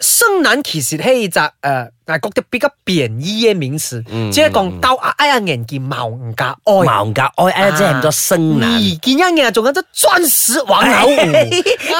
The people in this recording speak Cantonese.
剩男其實係一隻誒，係覺得比較貶義嘅名詞，即係講到哎呀，人見冇人家毛愛，冇、啊、人家愛，即係叫做剩男。見一眼仲有隻鑽石王老五。